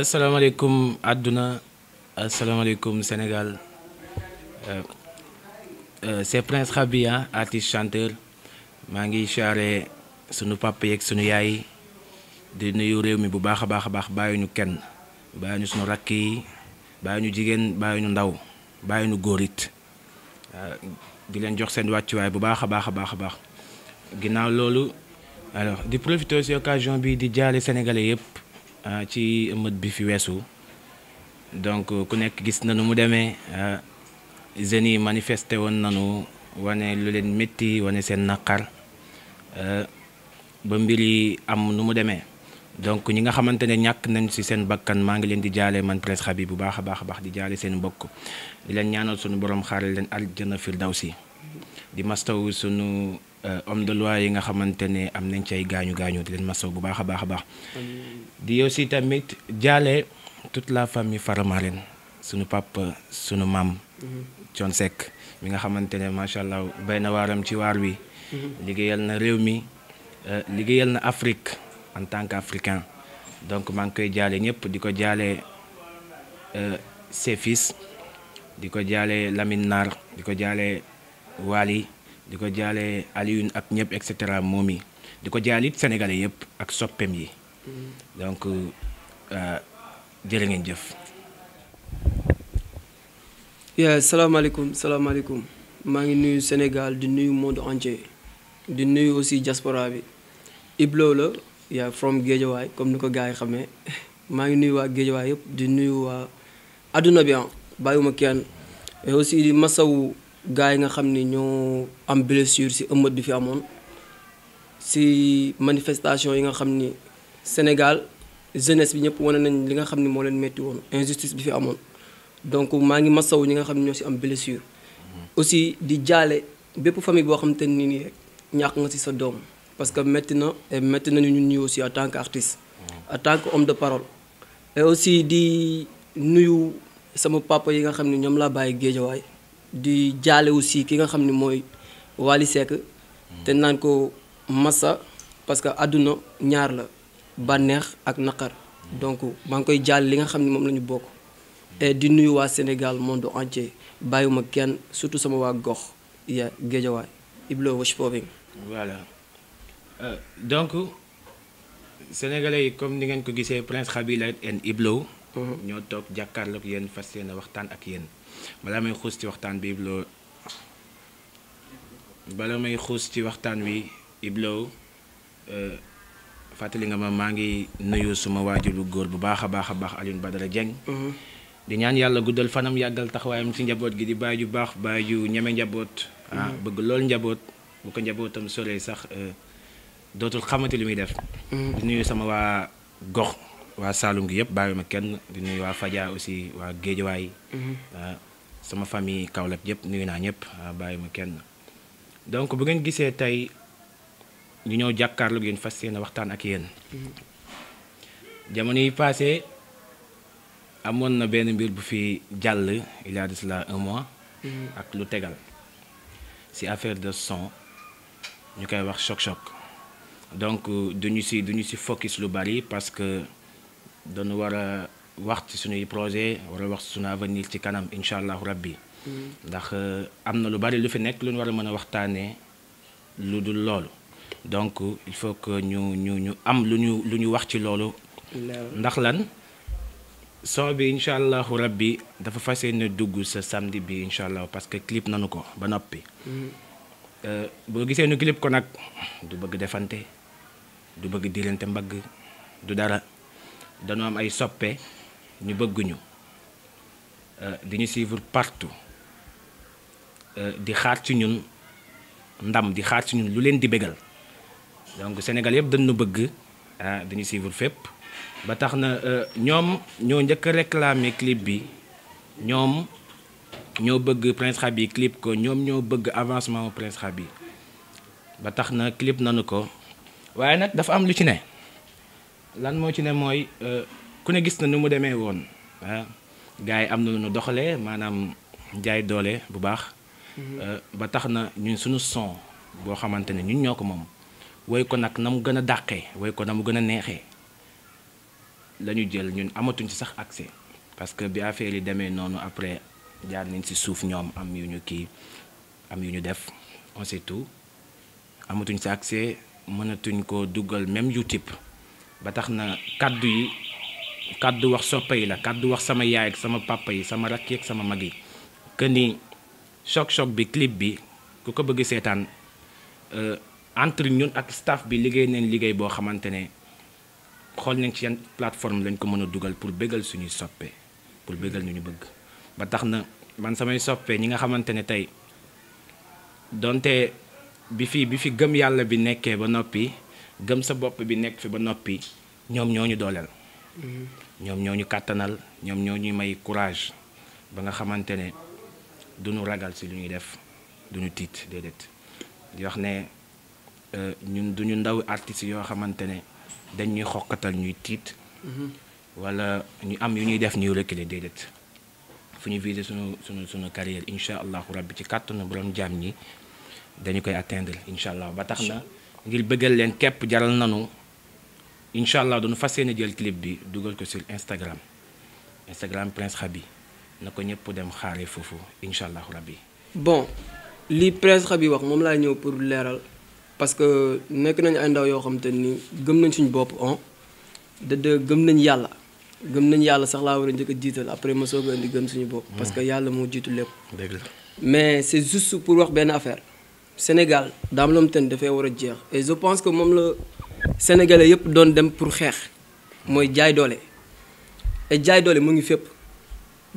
asalaamaaleykum àdduna asalaamaaleykum Sénégal euh, euh, c'est Prince Rabia artiste chanteur maa ngi siyaare sunu papa yeeg sunu yaay di nuyu réew mi bu baax a baax a baax bàyyiwuñu kenn bàyyiwuñu sunu rakk yi bàyyiwuñu jigéen bàyyiwuñu ndaw bàyyiwuñu góor it euh, di leen jox seen wàccuwaay bu baax a baax a baax a baax ginnaaw loolu alors di profiter ci occasion bi di jaale sénégalais yëpp. Ah, ci mët bi fi weesu donc ku nekk gis na nu mu demee ah, jeunes yi manifesté woon nanu wane lu leen métti wane seen naqar ah, ba mbir yi am nu mu demee donc ñi nga xamante ne ñàkk nañ ci seen bakkan maa ngi leen di jaale man presse xabi bu baax a baax a baax di jaale seen mbokk di leen ñaanal sunu borom xaaral leen a aljana si di mastaw sunu homme de loi yi nga xamante ne am nañ ci ay gaañu gaañu di leen mastaw bu baax a baax a baax di yow si tamit jaale tout la famille Faramareen sunu papa sunu maam. Mhm. Thione Seck mi nga xamante ne macha allah bay na waaram ci waar wi. Mhm. liggéeyal na réew mi euh, liggéeyal na Afrique en tant qu'africain donc maa ngi koy jaale ñëpp di ko jaale euh, ses fils di ko jaale Lamine Nar di ko jaale Wali di ko jaale Alioune ak ñëpp et cetera moom yi di ko jaale it sénégalais yëpp ak soppeem yi. donc euh, jërë ngeen jëf. salaamaaleykum salaamaaleykum maa ngi nuyu Sénégal di nuyu monde entier di nuyu aussi jaspora bi Iblo la yaa from Guédiawaay comme ni ko gars yi xamee maa ngi nuyu waa Guédiawaay yëpp di nuyu waa àdduna bi ah bàyyiwuma kenn aussi di masawu gars yi nga xam ni ñoo am blessure si ëmët bi fi amoon si manifestation yi nga xam ni. Sénégal jeunesse bi ñëpp wane nañ li nga xam ne moo leen métti woon injustice bi fi amoon donc maa ngi masaw ñi nga xam ne ñoo si am blessure. aussi di jaale bépp famille boo xam te ni nii rek nga si sa doom parce que métti na et métti nañu ñun ñii aussi en tant qu'artiste. en tant que homme de parole. aussi di nuyu sama papa yi nga xam ne ñoom laa bàyyi géejawaay di jaale aussi ki nga xam ni mooy waali Seck te naan ko massa parce que àdduna ñaar la. bànneex ak naqar donc maa ngi koy jaal li nga xam ne moom la ñu bokk et di nuyu waa Sénégal monde entier bàyyiwuma kenn surtout sama waa gox ya géejawaay Iblo Wachporing. voilà euh, donc sénégalais yi comme ni ngeen ko gisee Prince Khabila en Iblo. Mhm. ñoo toog jàkkaarloog yenn fas yéene waxtaan ak yéen balaa may xuus ci waxtaan bi Iblo bala may xuus ci waxtaan wi Iblo. Euh, fàttali nga ma maa ngi nuyu suma waajur bu góor bu baax a baax a baax Alioune Badara Dieng. Mm-hmm. di ñaan yàlla guddal fanam yàggal taxawaayam ci njaboot gi di bàyyi ju baax bàyyi ju ñeme njaboot. ah mm-hmm. bëgg loolu njaboot bu ko njabootam soree sax euh, dootul xamante li muy def. Mm-hmm. di nuyu sama waa gox waa Saalum gi yëpp bàyyi ma kenn di nuyu waa Fadia aussi waa Géejawaay. Ah, sama fami Kaolack yëpp nuyu naa ñëpp ah, bàyyi ma kenn donc bu ngeen gisee tey. ñu ñëw jàkkaarloog yéen fas yéene waxtaan ak yéen mm-hmm. jamono yi passé amoon na benn mbir bu fi jàll il y a un mois mm-hmm. ak lu tegal ci affaire de son ñu koy wax choc choc donc duñu ci duñu ci focus lu bari parce que dañu war a wax ci suñuy projet war wax ci suñu avenir ci kanam incha allahu rabbi mm-hmm. ndax euh, am na lu bari lu fi nekk lu ñu war a mën a waxtaane lu dul loolu donc il faut que ñu ñu ñu am lu ñu lu ñu wax ci loolu. ndax lan son bi incha rab bi dafa fas yéene dugg sa samedi bi incha allah parce que clip nanu ko ba noppi. Mm. Euh, boo gisee nu clip ko nag du bëgg defante du bëgg dirante mbagg du dara danoo am ay soppe ñu bëgguñu euh, di ñu suivre partout euh, di xaar ci ñun ndam di xaar ci ñun lu leen di bégal. donc Sénégal yëpp dañu bëgg ah dañu suivre fépp ba tax na euh, ñoom ñoo njëkk a réclamer clip bi ñoom ñoo bëgg Prince Habib clip ko ñoom ñoo bëgg avancement Prince Habib ba tax na clip nanu ko waaye nag dafa am lu ci ne lan moo ci ne mooy euh, ku ne gis na nu mu demee woon ah gars yi am na lu nu doxalee maanaam njaay doole bu baax. Mhm. Euh, ba tax na ñu suñu son boo xamante ne ñun ñoo ko moom. woy ko nag na mu gën a dàqee woy ko na mu gën a neexee la jël ñun amatuñ ci sax accès parce que bi affaire yi demee noonu après jaar nañ ci suuf ñoom am yu ñu kii am yu ñu def on tout amatuñ si accès mënatuñ ko duggal même YouTube ba tax na kàddu yi kàddu wax soppa yi la kàddu wax sama yaay ak sama papa yi sama rakk ak sama mag yi que ni choc bi clip bi ku ko bëgg seetaan. Euh, entre ñun ak staff bi liggéey nañ liggéey boo xamante ne xool nañ ci yan plateforme lañ ko mën a dugal pour bégal suñuy soppe pour bégal ñu ñu bëgg ba tax na man samay soppee ñi nga xamante ne tey donte bi fi bi fi gëm yàlla bi nekkee ba noppi gëm sa bopp bi nekk fi ba noppi ñoom ñoo ñu dooleel. Mm-hmm. ñoom ñoo ñu kàttanal ñoom ñoo ñu may courage ba nga xamante ne du ñu ragal si lu ñuy def du ñu tiit déedéet di wax ne. du euh, duñu ndaw artistes yoo xamante ne dañ ñuy xokkatal ñuy tiit. Mhm. wala ñu am yu ñuy def ñuy reculer déedéet fu ñu viser sunu sunu sunu carrière incha allahu rabbi ci kàttanu borom jaam ñi dañu koy atteindre incha allah ba tax na ngir bëggal leen képp jaral nanu incha allah dañu fas yéene jël clip bi dugal ko sur Instagram Instagram Prince Khaby na ko ñëpp dem xaaree foofu incha allahu rabbi. bon li Prince Khaby wax moom laa ñëw pour leeral. parce que nekk nañu ay ndaw yoo xam te nii gëm nañ suñu bopp on ah. de gëm nañ yàlla gëm nañ yàlla sax laa war a njëkk jiital après ma soog a indi gëm suñu bopp. parce que yàlla moo jiitu lépp. dëgg mais c' est juste pour wax benn affaire Sénégal daam la te tën dafay war a jeex et je pense que moom la sénégalais yëpp doon dem pour xeex mooy jaay doole et jaay doole mu ngi fépp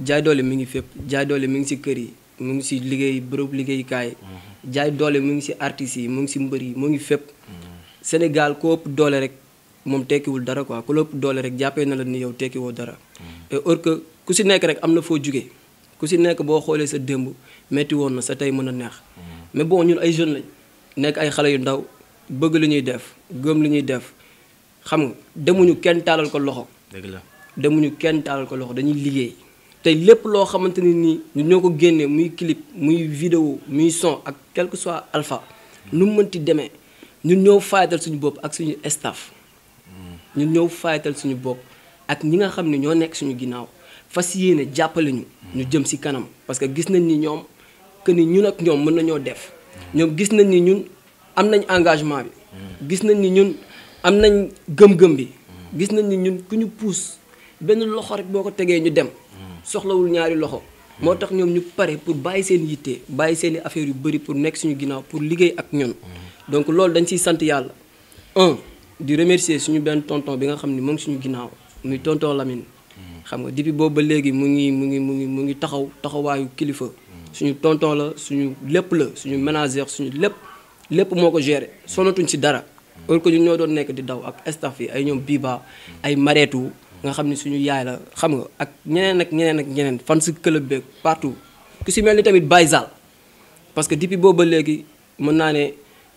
jaay doole mi ngi fépp jaay mi ngi ci kër yi. mu ngi si liggéey bërëb liggéeykaay jaay doole mu ngi si artistes yi mu ngi si mbër yi mu ngi fépp Sénégal ku ëpp doole rek moom tekkiwul dara quoi ku la ëpp doole rek jàppee na la ni yow tekkiwoo dara et or que ku si nekk rek am na foo jugee ku si nekk boo xoolee sa démb metti woon na sa tey mën a neex mais boo ñun ay jeune lañ nekk ay xale yu ndaw bëgg li ñuy def gëm li ñuy def xam nga demuñu kenn taalal ko loxo. dëgg la demuñu kenn taalal ko loxo dañuy liggéey. tey lépp loo xamante ni nii ñu ñoo ko génnee muy clip muy vidéo muy son ak quelque que soit alpha lu mu mënti demee ñun ñëw fayatal suñu bopp ak suñu staff ñun ñëw fayatal suñu bopp ak ñi nga xam ne ñoo nekk suñu ginnaaw fas yéene jàppale ñu ñu jëm si kanam parce que gis nañ ni ñoom que ni ñun ak ñoom mën nañoo def ñoom gis nañ ni ñun am nañu engagement bi gis nañ ni ñun am nañ gëm-gëm bi gis nañ ni ñun ku ñu pousse benn loxo rek boo ko tegee ñu dem soxlawul ñaari loxo moo tax ñoom ñu pare pour bàyyi seen yitte bàyyi seen i affaire yu bëri pour nekk suñu ginnaaw pour liggéey ak ñun donc loolu dañ ciy sant yàlla di remercier suñu benn tonton bi nga xam ni moom suñu ginnaaw muy tonton Lamine xam nga depuis boobu ba léegi mu ngi mu ngi mu ngi mu ngi taxaw taxawaayu kilifa suñu tonton la suñu lépp la suñu ménagère suñu lépp lépp moo ko géré sonatuñ si dara alors ko ñu ñoo doon nekk di daw ak staff yi ay ñoom Biba ay Mareetu nga xam ni suñu yaay la xam nga ak ñeneen ak ñeneen ak ñeneen fan si club beeg partout ku si mel ni tamit Baye Zal parce que depuis boobu ba léegi mën naa ne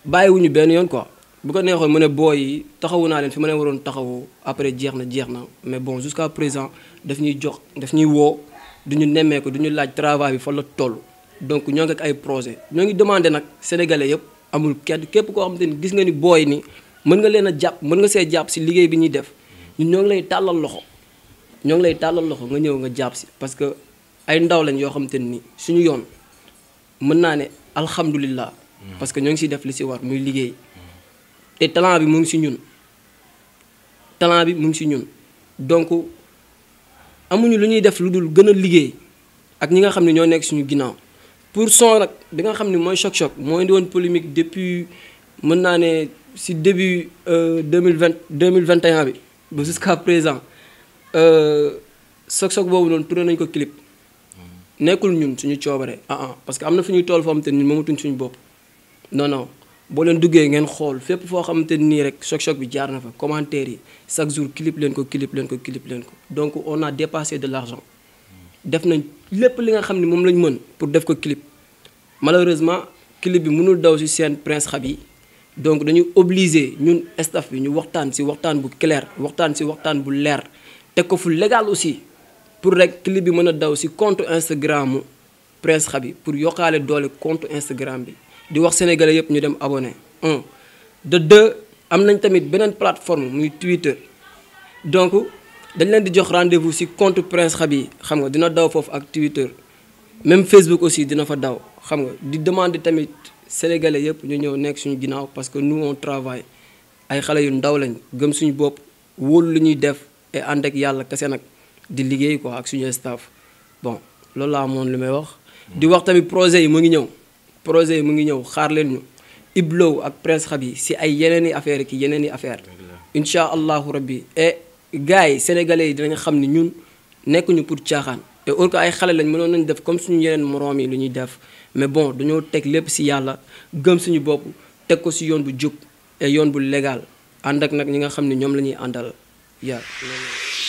bàyyiwuñu benn yoon quoi bu ko neexoon mu ne booy yi taxawu naa leen fi ma ne waroon taxawu après jeex na jeex na mais bon jusqu'à présent daf ñuy jox daf ñuy woo du ñu nemmee ko du ñu laaj travail bi fa la toll donc ñoo ngi ak ay projet ñoo ngi demandé nag sénégalais yëpp amul kenn képp koo xam te gis nga ni booy ni mën nga leen a jàpp mën nga see jàpp si liggéey bi ñuy def ñu ñoo lay tàllal loxo ñoo ngi lay tàllal loxo nga ñëw nga jàpp si parce que ay ndaw lañ yoo xam te ni suñu yoon mën naa ne alhamdulilah. Mm. parce que ñoo ngi siy def li si war muy liggéey te talent bi mu ngi si ñun talent bi mu ngi si ñun donc amuñu lu ñuy def lu dul gën a liggéey ak ñi nga xam ne ñoo nekk suñu ginnaaw pour son nag di nga xam ni mooy choc choc moo indi woon polémique depuis mën naa ne si début euh, deux mille vingt deux mille vingt et bi. ba jusqu'à présent sok-sok euh, boobu noonu tourné nañ ko clip hmm. nekkul ñun suñu coobare ah ah parce que am na fu ñuy tool foo xamante ni moomatuñ suñu bopp non non boo leen duggee ngeen xool fépp foo xamante nii rek choc-choc bi jaar na fa commentaire yi chaque jour clip leen ko clip leen ko clip leen ko donc on a dépassé de l'argent hmm. def nañ lépp li nga xam ne moom lañ mën pour def ko clip malheureusement clip bi mënul daw ci seen prince xab yi donc dañuy obligé ñun staff bi ñu waxtaan si waxtaan bu clair waxtaan si waxtaan bu leer teg ko fu légal aussi pour rek clip bi mën a daw si compte Instagram Prince Khaby pour yokkaale doole compte Instagram bi di wax sénégalais yëpp ñu dem abonné un de deux am nañ tamit beneen plateforme muy Twitter donc dañ leen di jox rendez-vous ci compte Prince yi xam nga dina daw foofu ak Twitter même Facebook aussi dina fa daw xam nga di demander tamit sénégalais yëpp ñu ñëw nekk suñu ginnaaw parce que nous on travaille ay xale yu ndaw lañ gëm suñu bopp wóolu lu ñuy def et ànd ak yàlla kese nag di liggéey ko ak suñu staff bon loolu laa amoon li may wax. di wax tamit projet yi mu ngi ñëw projet yi mu ngi ñëw xaar leen ñu Iblow ak Prince Xab yi si ay yeneen i affaire ki yeneen i affaire incha allahu rabbi et gars yi sénégalais yi dinañ xam ni ñun nekkuñu pour caaxaan. te or que ay xale lañ mënoon nañu def comme suñu yeneen moroom yi lu ñuy def mais bon dañoo teg lépp ci yàlla gëm suñu bopp teg ko ci yoon bu jub et yoon bu légal ànd ak nag ñi nga xam ne ñoom la ñuy àndal yàlla